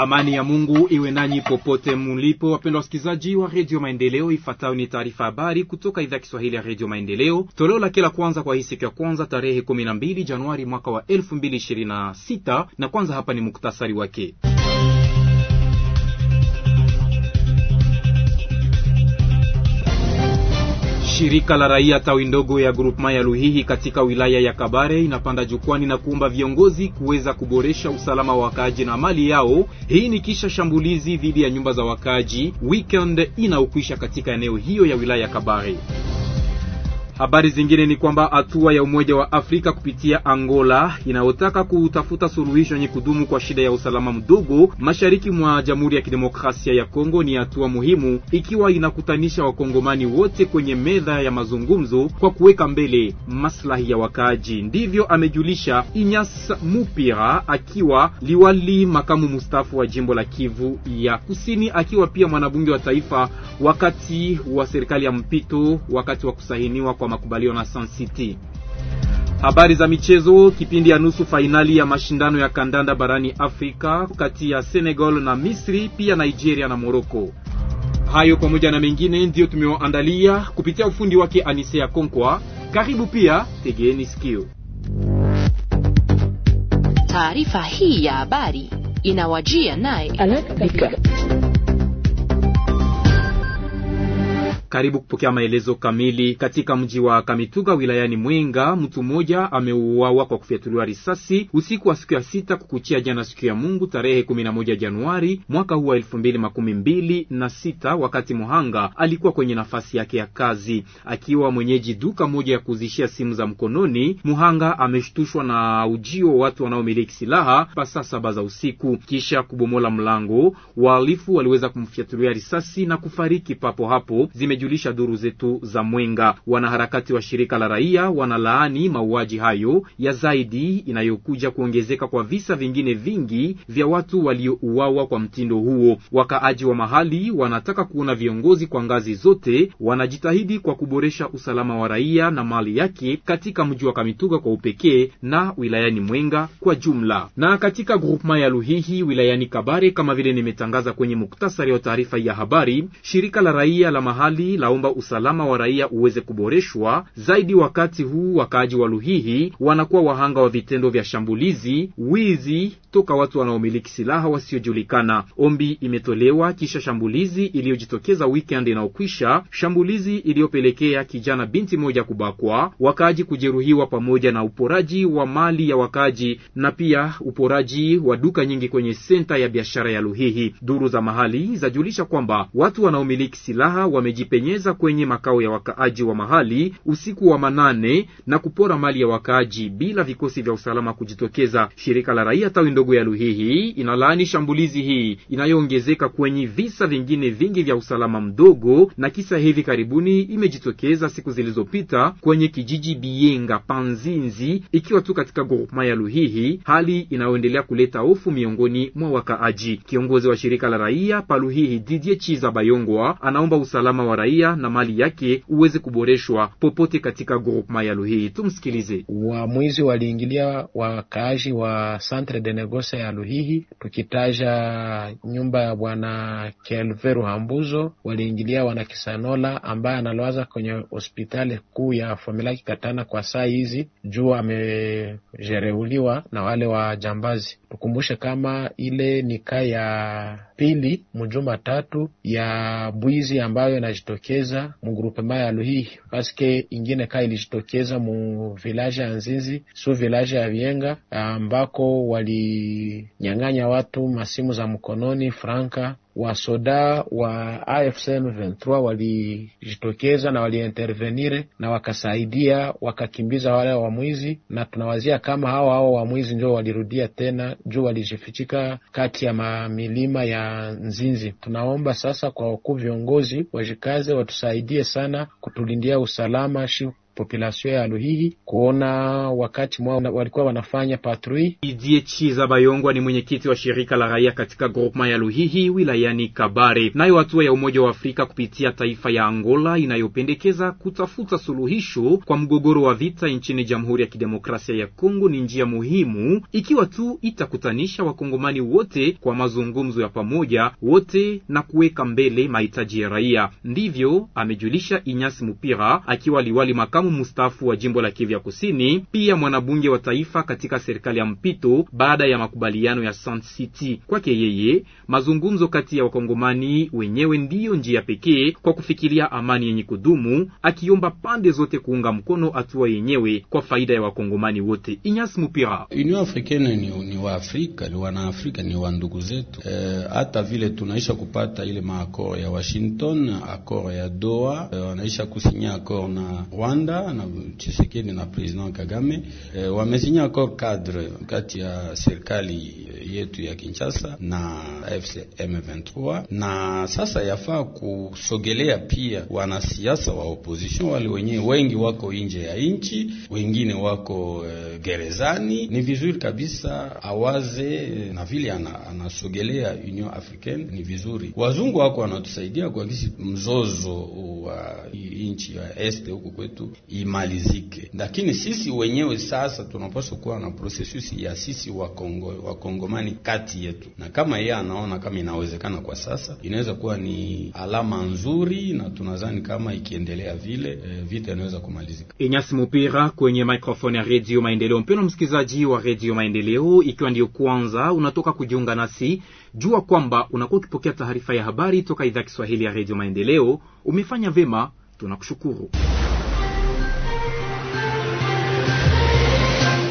Amani ya Mungu iwe nanyi popote mulipo, wapendwa wasikilizaji wa Redio Maendeleo. Ifuatayo ni taarifa habari kutoka idhaa ya Kiswahili ya Redio Maendeleo, toleo la kila kwanza kwa hii siku ya kwanza tarehe 12 Januari mwaka wa 2026, na kwanza hapa ni muktasari wake. Shirika la raia tawi ndogo ya grupema ya Luhihi katika wilaya ya Kabare inapanda jukwani na kuomba viongozi kuweza kuboresha usalama wa wakaaji na mali yao. Hii ni kisha shambulizi dhidi ya nyumba za wakaaji weekend inaokwisha katika eneo hiyo ya wilaya ya Kabare. Habari zingine ni kwamba hatua ya Umoja wa Afrika kupitia Angola inayotaka kutafuta suluhisho yenye kudumu kwa shida ya usalama mdogo mashariki mwa Jamhuri ya Kidemokrasia ya Kongo ni hatua muhimu, ikiwa inakutanisha wakongomani wote kwenye meza ya mazungumzo kwa kuweka mbele maslahi ya wakaaji. Ndivyo amejulisha Inyas Mupira, akiwa liwali makamu mustafu wa jimbo la Kivu ya Kusini, akiwa pia mwanabunge wa taifa wakati wa serikali ya mpito, wakati wa kusahiniwa kwa kwa makubaliano na San City. Habari za michezo. Kipindi ya nusu fainali ya mashindano ya kandanda barani Afrika kati ya Senegal na Misri, pia Nigeria na Morocco. Hayo pamoja na mengine ndiyo tumewaandalia kupitia ufundi wake Anisea Konkwa. Karibu pia, tegeeni sikio. Taarifa hii ya habari inawajia naye Aleka Bika. Karibu kupokea maelezo kamili. Katika mji wa Kamituga wilayani Mwenga, mtu mmoja ameuawa kwa kufyatuliwa risasi usiku wa siku ya sita kukuchia jana, siku ya Mungu tarehe 11 Januari mwaka huu wa elfu mbili makumi mbili na sita, wakati muhanga alikuwa kwenye nafasi yake ya kazi akiwa mwenyeji duka moja ya kuuzishia simu za mkononi. Muhanga ameshtushwa na ujio wa watu wanaomiliki silaha pasa saba za usiku, kisha kubomola mlango. Wahalifu waliweza kumfyatulia risasi na kufariki papo hapo Zime zimejulisha duru zetu za Mwenga. Wanaharakati wa shirika la raia wanalaani mauaji hayo ya zaidi inayokuja kuongezeka kwa visa vingine vingi vya watu waliouawa kwa mtindo huo. Wakaaji wa mahali wanataka kuona viongozi kwa ngazi zote wanajitahidi kwa kuboresha usalama wa raia na mali yake katika mji wa Kamituga kwa upekee na wilayani Mwenga kwa jumla. Na katika grupma ya Luhihi wilayani Kabare, kama vile nimetangaza kwenye muktasari wa taarifa ya habari, shirika la raia la mahali Luhihi laomba usalama wa raia uweze kuboreshwa zaidi, wakati huu wakaaji wa Luhihi wanakuwa wahanga wa vitendo vya shambulizi, wizi toka watu wanaomiliki silaha wasiojulikana. Ombi imetolewa kisha shambulizi iliyojitokeza weekend inayokwisha, shambulizi iliyopelekea kijana binti moja kubakwa, wakaaji kujeruhiwa, pamoja na uporaji wa mali ya wakaaji na pia uporaji wa duka nyingi kwenye senta ya biashara ya Luhihi. Duru za mahali zajulisha kwamba watu wanaomiliki silaha wamejipe kujipenyeza kwenye makao ya wakaaji wa mahali usiku wa manane na kupora mali ya wakaaji bila vikosi vya usalama kujitokeza. Shirika la raia tawi ndogo ya Luhihi inalaani shambulizi hii inayoongezeka kwenye visa vingine vingi vya usalama mdogo, na kisa hivi karibuni imejitokeza siku zilizopita kwenye kijiji Bienga Panzinzi, ikiwa tu katika groupema ya Luhihi, hali inayoendelea kuleta hofu miongoni mwa wakaaji. Kiongozi wa shirika la raia paluhihi Didie Chiza Bayongwa anaomba usalama wa raia raia na mali yake uweze kuboreshwa popote katika groupema ya luhihi Tumsikilize. Wamwizi waliingilia wakaaji wa centre de negoce ya Luhihi, tukitaja nyumba ya bwana Kelveru Hambuzo, waliingilia wana Kisanola ambaye analoaza kwenye hospitali kuu ya Fomilaki Katana kwa saa hizi juu amejereuliwa na wale wa jambazi. Tukumbushe kama ile nika ya pili mjuma tatu ya bwizi ambayo inajitokea ilijitokeza mugrupe mbayo ya Luhihi, paske ingine ka ilijitokeza mu village ya Nzinzi su village ya Vienga ambako walinyang'anya watu masimu za mkononi franka wasoda wa AFC M23 walijitokeza na waliintervenire na wakasaidia wakakimbiza wale wa mwizi na tunawazia kama hao hao mwizi ndio walirudia tena juu walijifichika kati ya mamilima ya Nzinzi. Tunaomba sasa kwa wakuu viongozi wajikaze, watusaidie sana kutulindia usalama shi population ya Luhili kuona wakati mwao walikuwa wanafanya patrui. Idie Chiza Bayongwa ni mwenyekiti wa shirika la raia katika groupement ya Luhihi wilayani Kabare. Nayo hatua ya Umoja wa Afrika kupitia taifa ya Angola inayopendekeza kutafuta suluhisho kwa mgogoro wa vita nchini Jamhuri ya Kidemokrasia ya Kongo ni njia muhimu, ikiwa tu itakutanisha wakongomani wote kwa mazungumzo ya pamoja wote na kuweka mbele mahitaji ya raia. Ndivyo amejulisha Inyasi Mupira akiwa liwali makamu makamu mustafu wa jimbo la Kivu ya Kusini, pia mwanabunge wa taifa katika serikali ya mpito baada ya makubaliano ya Sun City. Kwake yeye, mazungumzo kati ya wakongomani wenyewe ndiyo njia pekee kwa kufikiria amani yenye kudumu, akiomba pande zote kuunga mkono hatua yenyewe kwa faida ya wakongomani wote. Inyas Mupira, Union Africaine ni, ni wa Afrika, ni Afrika, ni wa ndugu zetu. Eh, hata e, vile tunaisha kupata ile maakoro ya Washington, akoro ya Doha, eh, wanaisha kusinya akoro na Rwanda na Tshisekedi na President Kagame e, eh, wamezinya accord cadre kati ya serikali yetu ya Kinshasa na AFC M23, na sasa yafaa kusogelea pia wanasiasa wa opposition wale wenyewe wengi wako nje ya nchi, wengine wako e, gerezani. Ni vizuri kabisa awaze eh, na vile anasogelea ana Union Africaine, ni vizuri wazungu wako wanatusaidia kwa kisi mzozo wa nchi ya este huku kwetu imalizike. Lakini sisi wenyewe sasa tunapaswa kuwa na prosesusi ya sisi wakongo wakongomani kati yetu, na kama yeye anaona kama inawezekana kwa sasa, inaweza kuwa ni alama nzuri, na tunazani kama ikiendelea vile e, vita inaweza kumalizika. Inyasi Mupira kwenye microphone ya Radio Maendeleo. Mpendwa msikilizaji wa Radio Maendeleo, ikiwa ndiyo kwanza unatoka kujiunga nasi, jua kwamba unakuwa ukipokea taarifa ya habari toka idhaa Kiswahili ya Radio Maendeleo. Umefanya vema, tunakushukuru.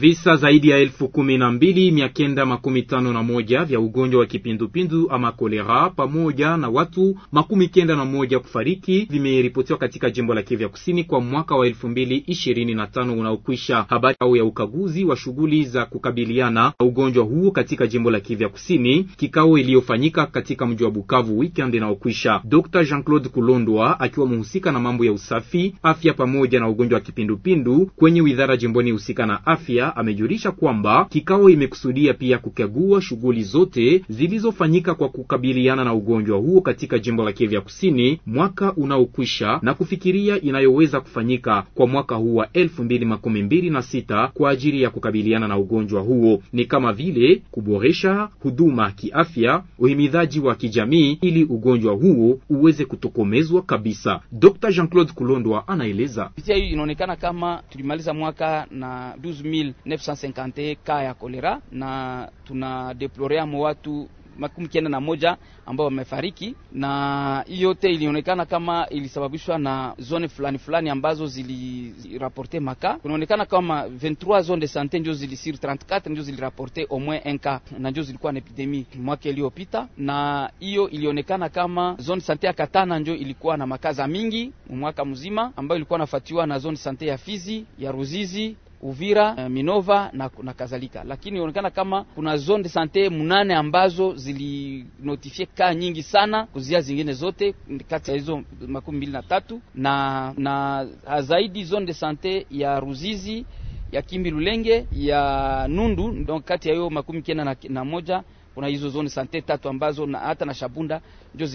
Visa zaidi ya elfu kumi na mbili mia kenda makumi tano na moja vya ugonjwa wa kipindupindu ama kolera pamoja na watu makumi kenda na moja kufariki vimeripotiwa katika jimbo la Kivu Kusini kwa mwaka wa elfu mbili ishirini na tano unaokwisha. Habari au ya ukaguzi wa shughuli za kukabiliana na ugonjwa huo katika jimbo la Kivu Kusini, kikao iliyofanyika katika mji wa Bukavu weekend inaokwisha. Dr Jean-Claude Kulondwa akiwa mhusika na mambo ya usafi, afya pamoja na ugonjwa wa kipindupindu kwenye widhara jimboni husika na afya amejulisha kwamba kikao imekusudia pia kukagua shughuli zote zilizofanyika kwa kukabiliana na ugonjwa huo katika jimbo la Kivu Kusini mwaka unaokwisha na kufikiria inayoweza kufanyika kwa mwaka huu wa sita kwa ajili ya kukabiliana na ugonjwa huo, ni kama vile kuboresha huduma kiafya, uhimidhaji wa kijamii ili ugonjwa huo uweze kutokomezwa kabisa. Dr. Jean-Claude Kulondwa anaeleza. Picha hii inaonekana kama tulimaliza mwaka na 12000 950 ka ya kolera na tuna amo watu makumi kenda na moja ambao wamefariki, na hiyo yote ilionekana kama ilisababishwa na zone fulani fulani ambazo ziliraporte maka. Kunaonekana kama 23 zone de sante ndio zilisir 34 ndio ziliraporte au moins un cas, na ndio zilikuwa na epidemi mwaka iliyopita, na hiyo ilionekana kama zone sante ya Katana ndio ilikuwa na makaza mingi mwaka mzima, ambayo ilikuwa nafuatiwa na zone sante ya Fizi, ya Ruzizi Uvira, eh, Minova na, na kadhalika, lakini inaonekana kama kuna zone de sante munane ambazo zilinotifie kaa nyingi sana kuzia zingine zote kati ya hizo makumi mbili na tatu na na zaidi zone de sante ya Ruzizi ya Kimbi Lulenge ya Nundu, donc kati ya hiyo makumi kenda na, na moja kuna hizo zone sante tatu ambazo na hata na Shabunda ndio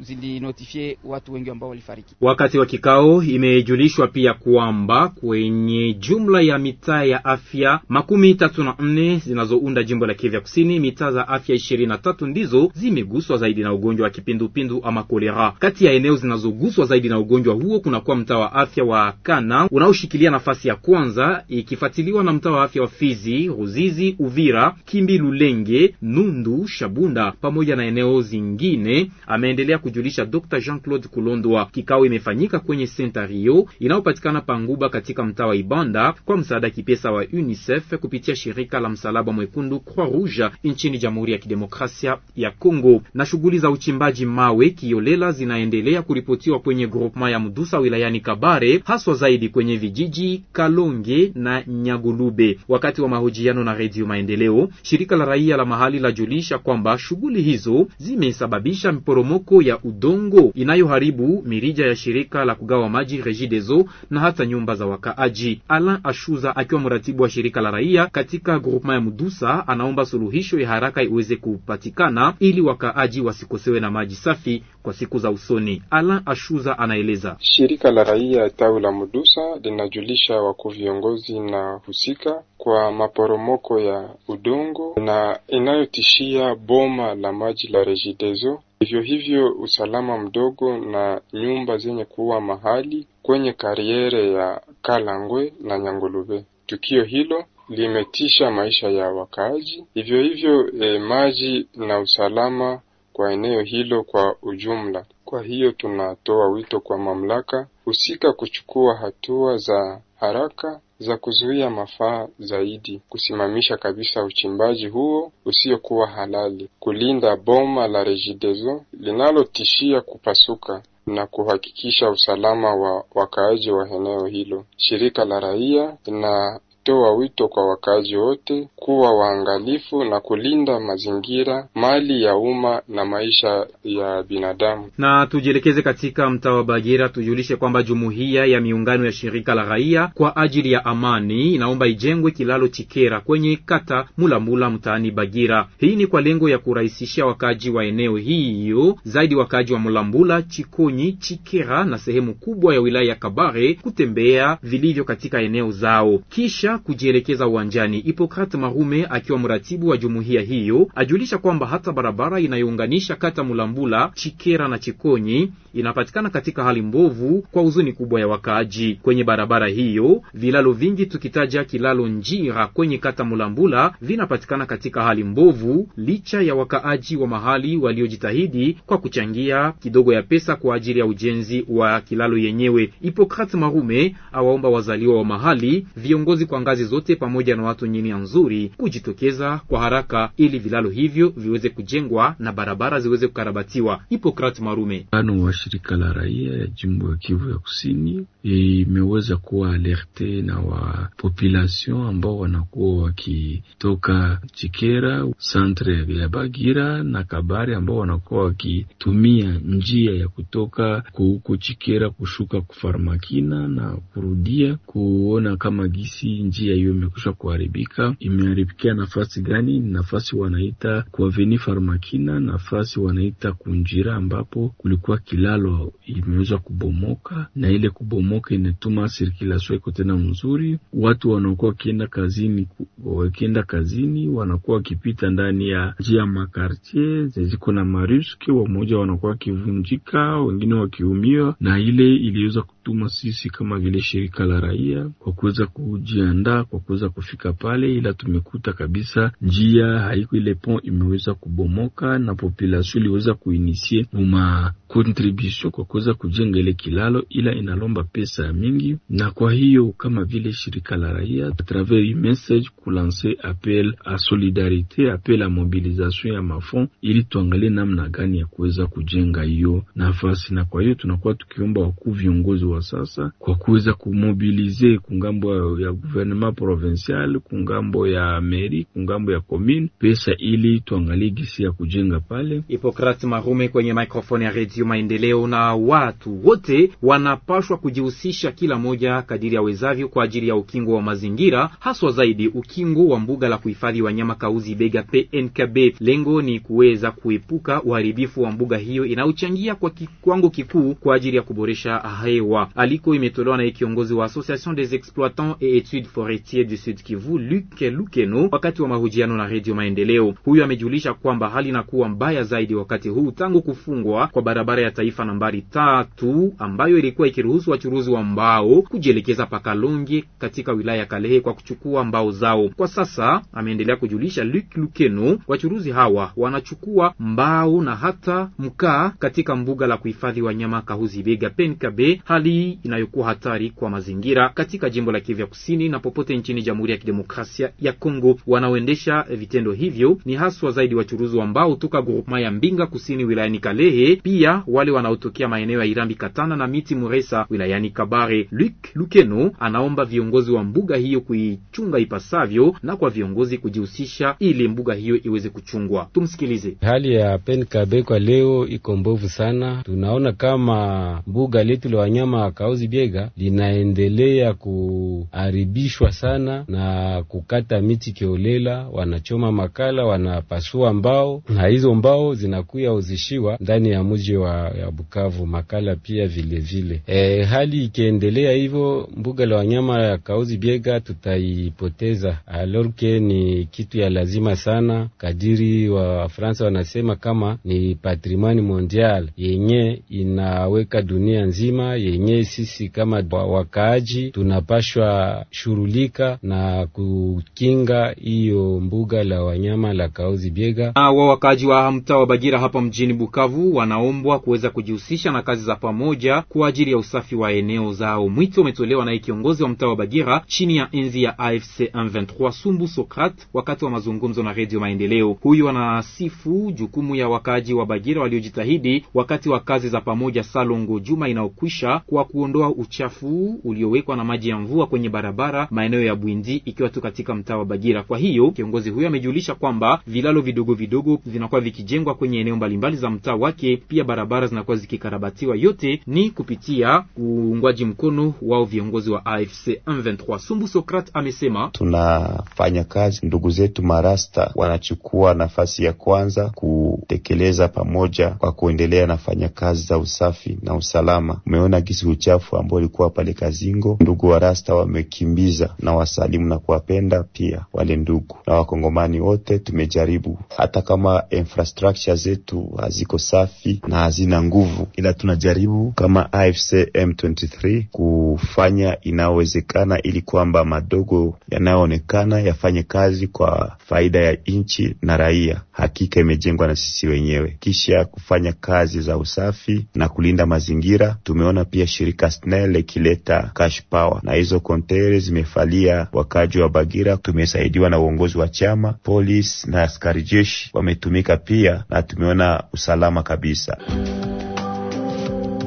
zilinotifie zili watu wengi ambao walifariki. Wakati wa kikao imejulishwa pia kwamba kwenye jumla ya mitaa ya afya makumi tatu na nne zinazounda jimbo la Kivu Kusini, mitaa za afya ishirini na tatu ndizo zimeguswa zaidi na ugonjwa wa kipindupindu ama kolera. Kati ya eneo zinazoguswa zaidi na ugonjwa huo kunakuwa mtaa wa afya wa Kana unaoshikilia nafasi ya kwanza ikifuatiliwa na mtaa wa afya wa Fizi, Ruzizi, Uvira, Kimbi, Lulenge, Nundu Ruchuru, Shabunda pamoja na eneo zingine, ameendelea kujulisha Dr. Jean-Claude Kulondwa. Kikao imefanyika kwenye Senta Rio inayopatikana Panguba katika mtaa wa Ibanda kwa msaada kipesa wa UNICEF kupitia shirika la Msalaba Mwekundu Croix Rouge nchini Jamhuri ya Kidemokrasia ya Kongo. Na shughuli za uchimbaji mawe kiolela zinaendelea kuripotiwa kwenye groupement ya Mdusa wilayani Kabare, haswa zaidi kwenye vijiji Kalonge na Nyagulube. Wakati wa mahojiano na Redio Maendeleo, shirika la raia la mahali la Juli kujulisha kwamba shughuli hizo zimesababisha miporomoko ya udongo inayoharibu mirija ya shirika la kugawa maji Regideso na hata nyumba za wakaaji. Alan Ashuza akiwa mratibu wa shirika la raia katika groupement ya Mudusa anaomba suluhisho ya haraka iweze kupatikana ili wakaaji wasikosewe na maji safi kwa siku za usoni. Alan Ashuza anaeleza. Shirika la raia tawi la Mudusa linajulisha wakuu viongozi na husika kwa maporomoko ya udongo na inayotishia pia boma la maji la Regideso. Hivyo hivyo usalama mdogo na nyumba zenye kuwa mahali kwenye kariere ya Kalangwe na Nyangolube. Tukio hilo limetisha maisha ya wakaaji. Hivyo hivyo e, maji na usalama kwa eneo hilo kwa ujumla. Kwa hiyo tunatoa wito kwa mamlaka husika kuchukua hatua za haraka za kuzuia mafaa zaidi, kusimamisha kabisa uchimbaji huo usiokuwa halali, kulinda boma la Regideso linalotishia kupasuka na kuhakikisha usalama wa wakaaji wa eneo hilo. Shirika la raia na kutoa wito kwa wakazi wote kuwa waangalifu na kulinda mazingira, mali ya umma na maisha ya binadamu. Na tujielekeze katika mtaa wa Bagira, tujulishe kwamba jumuiya ya miungano ya shirika la raia kwa ajili ya amani inaomba ijengwe kilalo Chikera kwenye kata Mulambula mtaani Bagira. Hii ni kwa lengo ya kurahisishia wakaji wa eneo hiyo, zaidi wakaji wa Mulambula, Chikonyi, Chikera na sehemu kubwa ya wilaya ya Kabare kutembea vilivyo katika eneo zao kisha kujielekeza uwanjani. Hipokrat Marume akiwa mratibu wa jumuiya hiyo ajulisha kwamba hata barabara inayounganisha kata Mulambula, Chikera na Chikonyi inapatikana katika hali mbovu kwa huzuni kubwa ya wakaaji. Kwenye barabara hiyo vilalo vingi, tukitaja kilalo Njira kwenye kata Mulambula, vinapatikana katika hali mbovu licha ya wakaaji wa mahali waliojitahidi kwa kuchangia kidogo ya pesa kwa ajili ya ujenzi wa kilalo yenyewe. Hipokrat Marume awaomba wazaliwa wa mahali viongozi kwa ngazi zote pamoja na watu wenye nia nzuri kujitokeza kwa haraka ili vilalo hivyo viweze kujengwa na barabara ziweze kukarabatiwa. Hipokrat Marume ano wa shirika la raia ya jimbo ya Kivu ya Kusini imeweza kuwa alerte na wa population ambao wanakuwa wakitoka Chikera centre ya Bagira na Kabare ambao wanakuwa wakitumia njia ya kutoka kuhuku Chikera kushuka kufarmakina na kurudia kuona kama gisi njia hiyo imekwisha kuharibika. Imeharibikia nafasi gani? Nafasi wanaita kuaveni Farmakina, nafasi wanaita Kunjira, ambapo kulikuwa kilalo imeweza kubomoka, na ile kubomoka inatuma sirkilasio iko tena mzuri. Watu wanaokuwa wakienda kazini, wakienda kazini wanakuwa wakipita ndani ya njia makartie ziko na maruski, wamoja wanakuwa wakivunjika, wengine wakiumiwa, na ile iliweza kutuma sisi kama vile shirika la raia kwa kuweza kujiandaa tulijiandaa kwa kuweza kufika pale, ila tumekuta kabisa njia haiko, ile pont imeweza kubomoka na population iliweza kuinisie uma contribution kwa kuweza kujenga ile kilalo, ila inalomba pesa mingi, na kwa hiyo kama vile shirika la raia atravers message kulanse appel a solidarite, appel a mobilisation ya mafond, ili tuangalie namna gani ya kuweza kujenga hiyo nafasi. Na kwa hiyo tunakuwa tukiomba wakuu viongozi wa sasa kwa kuweza kumobilize kungambo ya guvernement gouvernement provincial, kungambo ya meri, kungambo ya commune, pesa ili tuangalie gisi ya kujenga pale. Hipokrat Marume kwenye microphone ya Redio Maendeleo. Na watu wote wanapashwa kujihusisha kila moja kadiri awezavyo kwa ajili ya ukingo wa mazingira, haswa zaidi ukingo wa mbuga la kuhifadhi wanyama Kauzi Bega PNKB. Lengo ni kuweza kuepuka uharibifu wa mbuga hiyo inayochangia kwa kiwango kikuu kwa ajili ya kuboresha hewa. Aliko imetolewa na kiongozi wa Association des exploitants et etudes Forestier du Sud Kivu Luke Lukeno wakati wa mahojiano na Redio Maendeleo. Huyu amejulisha kwamba hali inakuwa mbaya zaidi wakati huu tangu kufungwa kwa barabara ya taifa nambari tatu ambayo ilikuwa ikiruhusu wachuruzi wa mbao kujielekeza Pakalonge katika wilaya ya Kalehe kwa kuchukua mbao zao. Kwa sasa, ameendelea kujulisha Luke Lukeno, wachuruzi hawa wanachukua mbao na hata mkaa katika mbuga la kuhifadhi wanyama Kahuzi Bega Penkabe, hali inayokuwa hatari kwa mazingira katika jimbo la Kivu Kusini na popote nchini Jamhuri ya Kidemokrasia ya Kongo. Wanaoendesha vitendo hivyo ni haswa zaidi wachuruzi mbao toka grupema ya Mbinga kusini wilayani Kalehe, pia wale wanaotokea maeneo ya Irambi, Katana na miti Muresa wilayani Kabare. Luc Lukeno anaomba viongozi wa mbuga hiyo kuichunga ipasavyo na kwa viongozi kujihusisha ili mbuga hiyo iweze kuchungwa. Tumsikilize. Hali ya Penkabe kwa leo iko mbovu sana, tunaona kama mbuga letu la wanyama Kaozi Biega linaendelea kuharibisha wanahusishwa sana na kukata miti kiolela, wanachoma makala, wanapasua mbao na hizo mbao zinakuya uzishiwa ndani ya mji wa ya Bukavu makala pia vilevile vile. E, hali ikiendelea hivyo mbuga la wanyama ya Kauzi Biega tutaipoteza, alorke ni kitu ya lazima sana kadiri wa Fransa wanasema kama ni patrimoni mondial yenye inaweka dunia nzima yenye sisi kama wakaaji tunapashwa shuru kushughulika na kukinga hiyo mbuga la wanyama la Kaozi Biega. Hawa wakaaji wa mtaa wa Bagira hapa mjini Bukavu wanaombwa kuweza kujihusisha na kazi za pamoja kwa ajili ya usafi wa eneo zao. Mwito umetolewa naye kiongozi wa mtaa wa Bagira chini ya enzi ya AFC M23 Sumbu Sokrat wakati wa mazungumzo na Redio Maendeleo. Huyu anasifu jukumu ya wakaaji wa Bagira waliojitahidi wakati wa kazi za pamoja Salongo juma inayokwisha kwa kuondoa uchafu uliowekwa na maji ya mvua kwenye barabara maeneo ya Bwindi, ikiwa tu katika mtaa wa Bagira. Kwa hiyo kiongozi huyo amejulisha kwamba vilalo vidogo vidogo vinakuwa vikijengwa kwenye eneo mbalimbali za mtaa wake, pia barabara zinakuwa zikikarabatiwa. Yote ni kupitia uungwaji mkono wao viongozi wa AFC M23. Sumbu Sokrat amesema tunafanya kazi, ndugu zetu marasta wanachukua nafasi ya kwanza kutekeleza pamoja kwa kuendelea nafanya kazi za usafi na usalama. Umeona gisi uchafu ambao ulikuwa pale Kazingo, ndugu rasta wamekimbiza kuwasikiliza na wasalimu na kuwapenda pia wale ndugu na wakongomani wote. Tumejaribu hata kama infrastructure zetu haziko safi na hazina nguvu, ila tunajaribu kama AFC M23 kufanya inayowezekana ili kwamba madogo yanayoonekana yafanye kazi kwa faida ya nchi na raia. Hakika imejengwa na sisi wenyewe, kisha kufanya kazi za usafi na kulinda mazingira. Tumeona pia shirika SNEL ikileta cash power na hizo konteri zimef wamefalia wakaji wa Bagira. Tumesaidiwa na uongozi wa chama, polisi na askari jeshi wametumika pia, na tumeona usalama kabisa.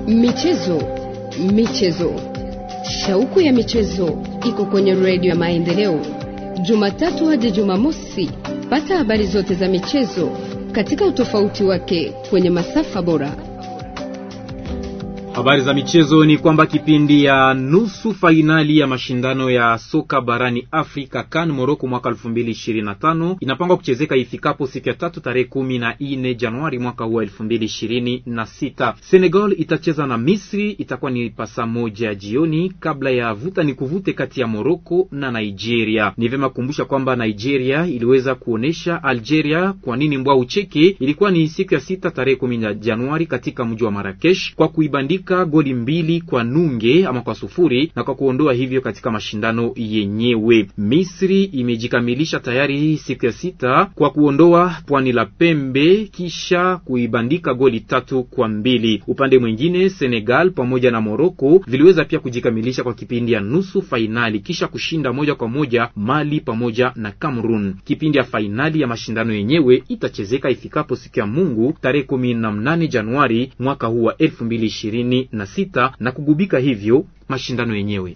Michezo, michezo, shauku ya michezo iko kwenye redio ya Maendeleo, Jumatatu hadi Jumamosi. Pata habari zote za michezo katika utofauti wake kwenye masafa bora. Habari za michezo ni kwamba kipindi ya nusu fainali ya mashindano ya soka barani Afrika CAN Morocco mwaka 2025 inapangwa kuchezeka ifikapo siku ya tatu tarehe kumi na ine Januari mwaka huu 2026. Senegal itacheza na Misri, itakuwa ni pasa moja jioni, kabla ya vuta ni kuvute kati ya Morocco na Nigeria. Ni vyema kukumbusha kwamba Nigeria iliweza kuonesha Algeria kwa nini mbwa ucheke. Ilikuwa ni siku ya sita tarehe kumi na Januari katika mji wa Marrakesh kwa kuibandika kufika goli mbili kwa nunge ama kwa sufuri na kwa kuondoa hivyo katika mashindano yenyewe. Misri imejikamilisha tayari hii siku ya sita kwa kuondoa pwani la pembe kisha kuibandika goli tatu kwa mbili. Upande mwingine, Senegal pamoja na Moroko viliweza pia kujikamilisha kwa kipindi ya nusu fainali kisha kushinda moja kwa moja Mali pamoja na Cameroon. Kipindi ya fainali ya mashindano yenyewe itachezeka ifikapo siku ya Mungu tarehe 18 Januari mwaka huu wa 2020 ishirini na sita na kugubika hivyo mashindano yenyewe.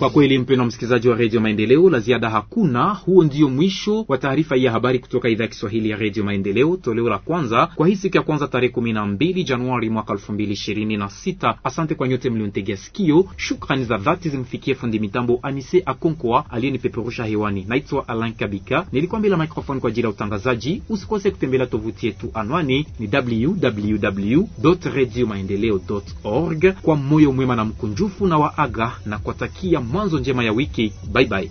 Kwa kweli, mpendwa msikilizaji wa Redio Maendeleo, la ziada hakuna. Huo ndio mwisho wa taarifa ya habari kutoka idhaa ya Kiswahili ya Redio Maendeleo, toleo la kwanza kwa hii siku ya kwanza tarehe 12 Januari mwaka 2026. Asante kwa nyote mliontegea sikio. Shukrani za dhati zimfikie fundi mitambo Anise Akonkwa aliyenipeperusha hewani. Naitwa Alan Kabika, nilikuwa mbele ya microphone kwa ajili ya utangazaji. Usikose kutembelea tovuti yetu, anwani ni www.radiomaendeleo.org. Kwa moyo mwema na mkunjufu na waaga na kuwatakia mwanzo njema ya wiki. bye.